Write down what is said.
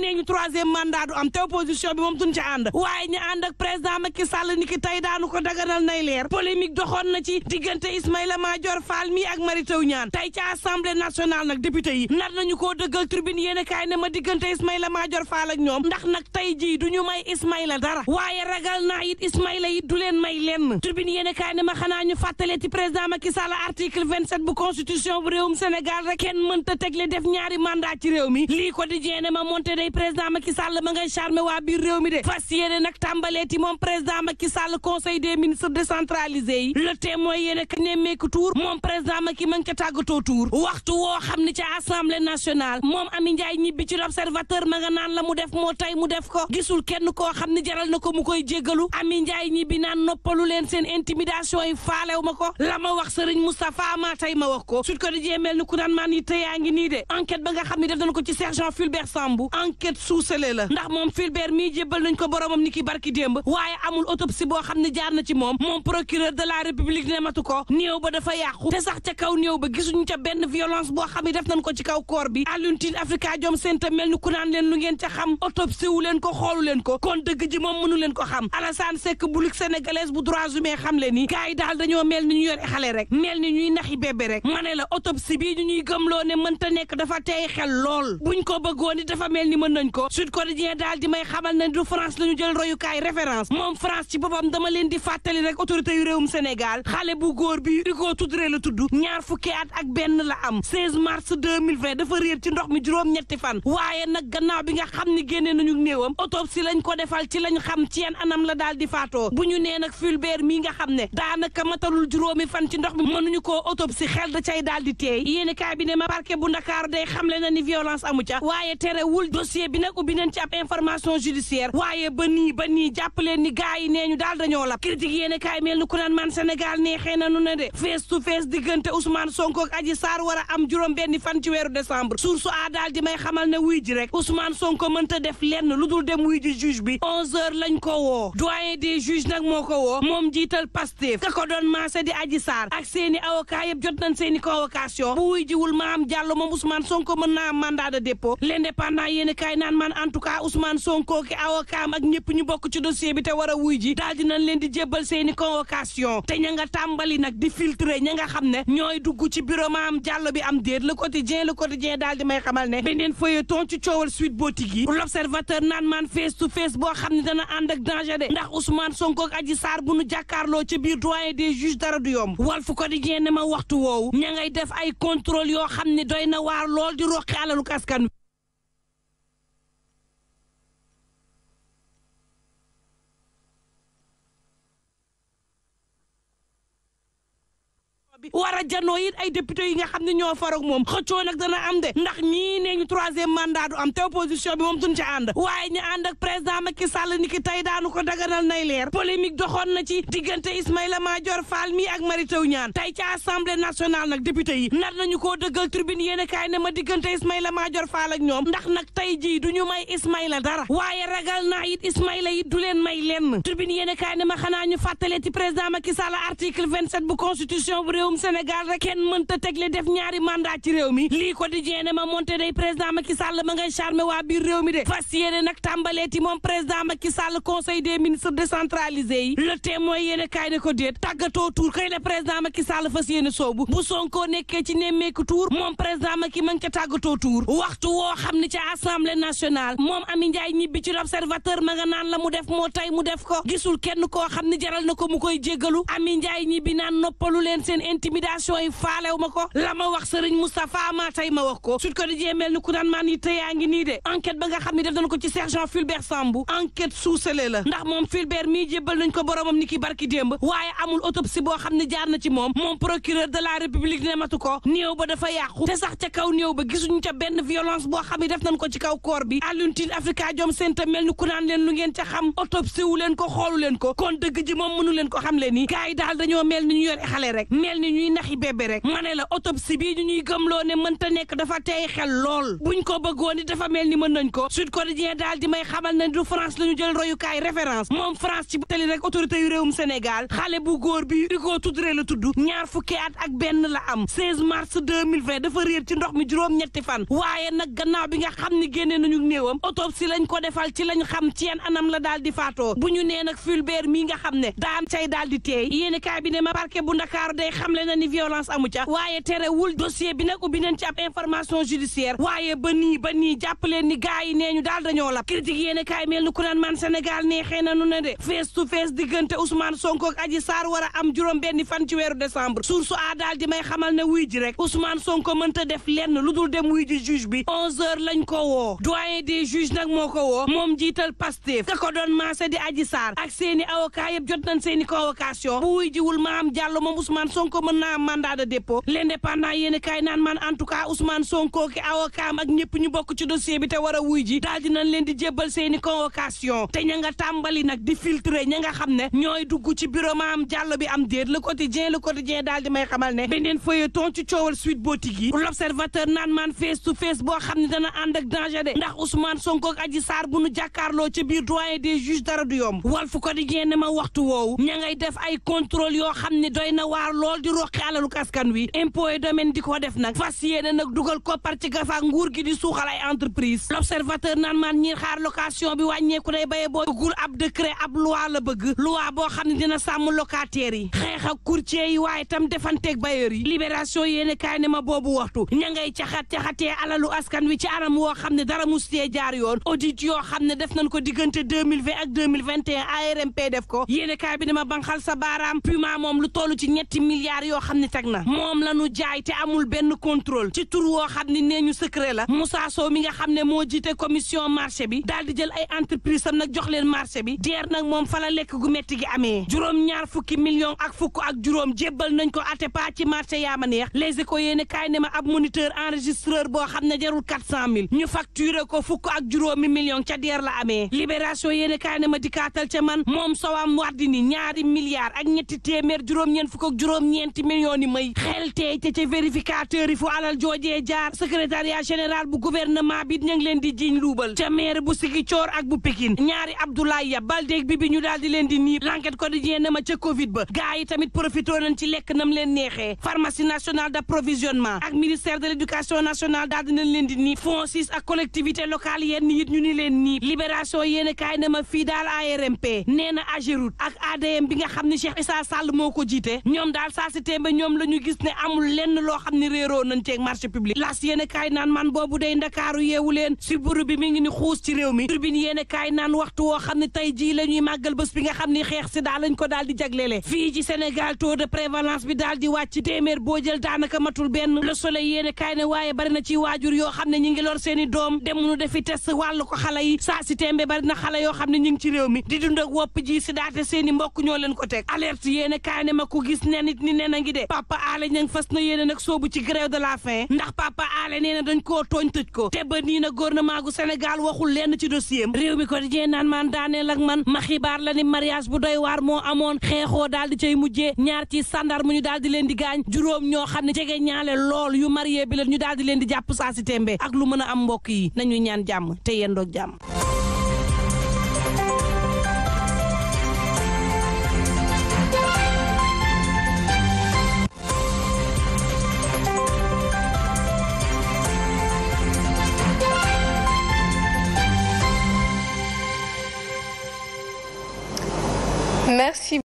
nee ñu troisième mandat du am te opposition bi moom duñ ci ànd waaye ñu ànd ak président ma Sall ni ki tey daanu ko daganal nay leer polémique doxoon na ci diggante Ismaïla Madior Fall mi ak Mary Teuw Niane tey ci assemblée nationale nag député yi nar nañu koo dëggal tribune yéen kaay ne ma diggante Ismaïla Madior Fall ak ñoom ndax nag tey ji du ñu may Ismaïla dara waaye ragal naa it Ismaïla it du leen may lenn tribune yéen kaay ne ma xanaa ñu fàttalee ci président Macky Sall article 27 bu constitution bu réewum Sénégal rek kenn mënta tegle def ñaari mandat réew mi président Macky Sall ma ngay charmer waa biir réew mi de fas yéene nag tàmbaleeti moom président Macky Sall conseil des ministres décentralisé yi le témoin yéene ka nemmeeku tour moom président Macky ma ngi ca tàggatoo tour waxtu woo xam ne ca assemblée nationale moom Ami Ndiaye ñibbi ci l'observateur ma nga naan la mu def moo tey mu def ko gisul kenn ko xam ne jaral na ko mu koy jéggalu Ami Ndiaye ñibbi naan noppalu leen seen intimidation yi faalew ma ko la ma wax sëriñ ma wax ko sut ko di jéemeel ni ku naan maan yi tey ngi nii de nga xam ne ko ci sergent enquête suusalee la ndax ko ci ba dafa yàqu te sax ca kaw néew ba gisuñu ca benn violence boo xam ne def nañ ko ci kaw koor bi alluntin africa jom seen mel ni ku lu ngeen ca xam autopsie ko xoolu ko kon dëgg ji moom mënu ko xam Alassane Seck bu Ligue bu droits humains xam ni gars daal dañoo mel ni ñu yore xale rek mel ni ñuy naxi bébé rek ma ne la ñu ñuy gëmloo mënta nekk dafa tey xel lool buñ ko bëggoon dafa mel ni mën nañ ko Sud Quotidien daal di may xamal ne du France la jël royukaay référence moom France ci boppam dama leen di fàttali rek autorité yu réewum Sénégal xale bu góor bi Hugo Touré la tuddu ñaar fukki at ak benn la am 16 mars 2020 dafa réer ci ndox mi juróom-ñetti fan waaye nag gannaaw bi nga xam ni génne nañu néewam autopsie lañ ko defal ci lañ xam ci yan anam la daal di faatoo bu ñu nee nag Fulbert mii nga xam ne daa daanaka matalul juróomi fan ci ndox mi mënuñu koo autopsie xel da cay daal di teey yéeni kaay bi ne ma parquet bu Ndakaar day xamle na ni violence amu ca dossier bi nag ubbi nañ ci ab information judiciaire waaye ba nii ba ni gars nee ñu daal dañoo lab critique yéen kaay mel ni ku naan man Sénégal neexee na nu ne de face to face diggante Ousmane Sonko ak Adji Sarr war a am juróom benn fan ci weeru décembre source a daal di may xamal ne wuy ji rek Ousmane Sonko mënta def lenn lu dul dem wuy ji bi onze heures lañ ko woo doyen des juges nag moo ko woo moom jiital Pastef ka ko doon maase di Adji Sarr ak seeni avocat yëpp jot nañ seeni convocation bu wuy jiwul maam Diallo moom Ousmane Sonko mën naa am kaay naan man en tout cas Ousmane Sonko ki awokaam ak ñëpp ñu bokk ci dossier bi te wara a wuy ji daal dinañ leen di jébbal seeni convocation te ña nga tàmbali nag di filtre ña nga xam ne ñooy dugg ci bureau maam jàllo bi am déet le quotidien le quotidien daal di may xamal ne beneen feuilleton ci coowal suite boutique yi l'observateur naan man face to face boo xam ne dana ànd ak danger de ndax Ousmane Sonko ak Adji Sarr bu nu jàkkaarloo ci biir doyen des juges dara du yomb Walf Quotidien ne ma waxtu ña ngay def ay contrôle yoo xam ne doy na waar lool di roqi alalu askan bi war a janoo it ay député yi nga xam ne ñoo faroog moom xëccoo nag dana am de ndax ñii nee ñu troisième mandat am te opposition bi moom duñ ci ànd waaye ñu ànd ak président Macky koo a kaay ne ma diggante Ismaïla Madior Fall ak ñoom ndax nag tey jii du ñu may Ismaïla dara waaye ragal naa it Ismaïla it du leen may lenn tribune yéen a kaay ne ma xanaa bu constitution réewum Sénégal rek kenn mënta tegle def ñaari mandat ci réew mi lii ko di jeene ma monte day président Macky Sall ma ngay charmer waa biir réew mi de fas yéene nag tàmbaleeti moom président Macky Sall conseil des ministres décentralisé yi le témoin yéene kaay ko déet tàggatoo tuur kay la président Macky Sall fas yéene soobu bu Sonko nekkee ci nemmeeku tuur moom président Macky ma ngi ca tàggatoo tuur waxtu woo xam ne ca assemblée nationale moom Ami Ndiaye ñibbi ci l'observateur ma nga naan la mu def moo tey mu def ko gisul kenn koo xam ne jaral na ko mu koy jéggalu Ami ñibbi intimidation yi faalew ma ko la ma wax sëriñ Moustapha ma tey ma wax ko Sud Quotidien mel ni ku naan maan yi tëyaa ngi nii de enquête ba nga xam ne def nañ ko ci sergent Fulbert Sambou enquête suusale la ndax moom Fulbert mii jébbal nañ ko boromam ni ki barki démb waaye amul autopsie boo xam ne jaar na ci moom moom procureur de la république ne ko néew ba dafa yàqu te sax ca kaw néew ba gisuñu ca benn violence boo xam ne def nañ ko ci kaw koor bi Alioune Tine mel ni ku naan leen lu ngeen ca leen ko xoolu leen ko kon dëgg ji moom mënu leen ko xam leen ni gars yi daal dañoo mel ñu yore xale rek mel ni yi ñuy naxi bébé rek ma ne la autopsie bii ñu ñuy gëmloo ne mënta nekk dafa tey xel lool buñ ko bëggoon dafa mel ni mën nañ ko Sud Quotidien daal di may xamal nañ du France la ñu jël royukaay référence moom France ci tali rek autorité yu réewum Sénégal xale bu góor bi Hugo Touré la tudd ñaar fukki at ak benn la am 16 mars 2020 dafa réer ci ndox mi juróom-ñetti fan waaye nag gannaaw bi nga xam ni génne nañu néewam autopsie lañ ko defal ci lañ xam ci yan anam la daal di faatoo bu ñu nee nag Fulbert mii nga xam ne daan cay daal di teey yéen kaay bi xamle na ni violence amu ca waaye terewul dossier bi nag ubbi nañ ci ab information judiciaire waaye ba nii ba nii jàpp ni gars yi nee ñu daal dañoo la critique yéen kaay mel ni ku naan man Sénégal neexee na nu ne de face to face diggante Ousmane Sonko ak saar Sarr war a am juróom benni fan ci weeru décembre source a daal di may xamal ne wuy ji rek Ousmane Sonko mënta def lenn lu dem wuy ji juge bi onze heures lañ ko woo doyen des juges nag moo ko woo moom jiital Pastef ka ko doon maase di Adji Sarr ak seeni avocat yëpp jot nañ seeni convocation bu wuy jiwul maam Diallo moom Ousmane Sonko mën naa am mandat de dépôt l'indépendant yéen i kaay naan man en tout cas Ousmane Sonko ki ak ñëpp ñu bokk ci dossier bi te war a wuy ji daal dinañ leen di jébbal seeni convocation te ña nga tàmbali nag di filtre ña nga xam ne ñooy dugg ci bureau maam jàll bi am déet le quotidien le quotidien daal di may xamal ne beneen feuilleton ci coowal suite boutique yi l'observateur naan man face to face boo xam ne dana ànd ak danger de ndax Ousmane Sonko ak saar Sarr bu nu jàkkaarloo ci biir doyen des juges dara du yomb Walf quotidien ne ma waxtu woowu ña ngay def ay contrôle yoo xam ne ruqi àlalu askan wi impôt et domaine di ko def nag fas yéene nag dugal ko ci gafaak nguur gi di suuxal ay entreprise l'observateur naan maan ñi xaar location bi wàññeeku day baye boo gul ab décret ab loi la bëgg loi boo xam ne dina sàmm locataires yi xeex ak courtier yi waaye tam defanteeg bailleurs yi libération yéene kaay ne ma boobu waxtu ña ngay caxat-caxatee alalu askan wi ci anam woo xam ne dara mustee jaar yoon audit yoo xam ne def nañ ko diggante 2020 ak 2021 ARMP def ko yéene kaay bi ma banxal sa baaraam puma moom lu toll ci ñetti milliards yoo xam ne teg na moom la nu jaay te amul benn contrôle ci tur woo xam ne nee ñu secret la musa Sow mi nga xam ne moo jiite commission marché bi daal di jël ay entreprise am nag jox leen marché bi deer nag moom fa la lekk gu metti gi amee juróom-ñaar fukki million ak fukk ak juróom jébbal nañ ko Atepa ci marché yaa ma neex les éco yéene kaay ne ma ab moniteur enregistreur boo xam ne jarul quatre cent mille ñu facturé ko fukk ak juróomi millions ca deer la ame libération yéene kaay ne ma dikkaatal ca man moom Soham Wardini ñaari milliards ak ñetti téeméer juróom-ñeent ñeenti millions yi may xel tey te ca vérificateur yi fu alal joojee jaar secrétariat général bu gouvernement bi ña leen di jiiñ luubal ca maire bu Ziguinchor ak bu Pikine ñaari Abdoulaye Ya Baldé bi bi ñu daal di leen di niib l'enquête quotidien na ma ca Covid ba gars yi tamit profité ci lekk nam leen neexe pharmacie nationale d'approvisionnement ak ministère de l'éducation nationale daal di nañ leen di niib FONSIS ak collectivité locale yenn it ñu ni leen nii libération yéen kaay na ma fii daal ARMP nee na AGEROUTE bi nga xam ne Cheikh Issa Sall moo ko jiite université ba ñoom la ñu gis ne amul lenn loo xam ne réeroo nañ ceeg marché public las yéen a kaay naan man boobu day ndakaaru yeewu leen si buru bi mi ngi ni xuus ci réew mi turbine yéen a daal di jagleele fii ci Sénégal taux de prévalence bi daal di wàcc ci téeméer boo jël daanaka matul benn le soleil yéen a yoo xam ne ñi ngi lor seeni doom demuñu defi test wàllu ko xale yi saa si tembe bari na xale xam ne ñi ngi ci réew mi di dund ak wopp ji si daate seeni mbokk ñoo leen ko teg alerte yéen ne ma ko gis ne nit ni ne yéen a ngi de papa aale ña fas na yéene nag soobu ci grève de la faim ndax papa aale nee na dañ koo tooñ tëj ko te ba nii na gouvernement gu Sénégal waxul lenn ci dossier am réew mi ko di naan man daaneel ak man ma xibaar la ni mariage bu doy waar moo amoon xeexoo daal di cay mujjee ñaar ci sandar mu ñu daal di leen di gaañ juróom ñoo xam ne jege ñaale lool yu marié bi la ñu daal di leen di jàpp saa si tembe ak lu mën a am mbokk yi nañu ñaan jàmm te yendoog jàmm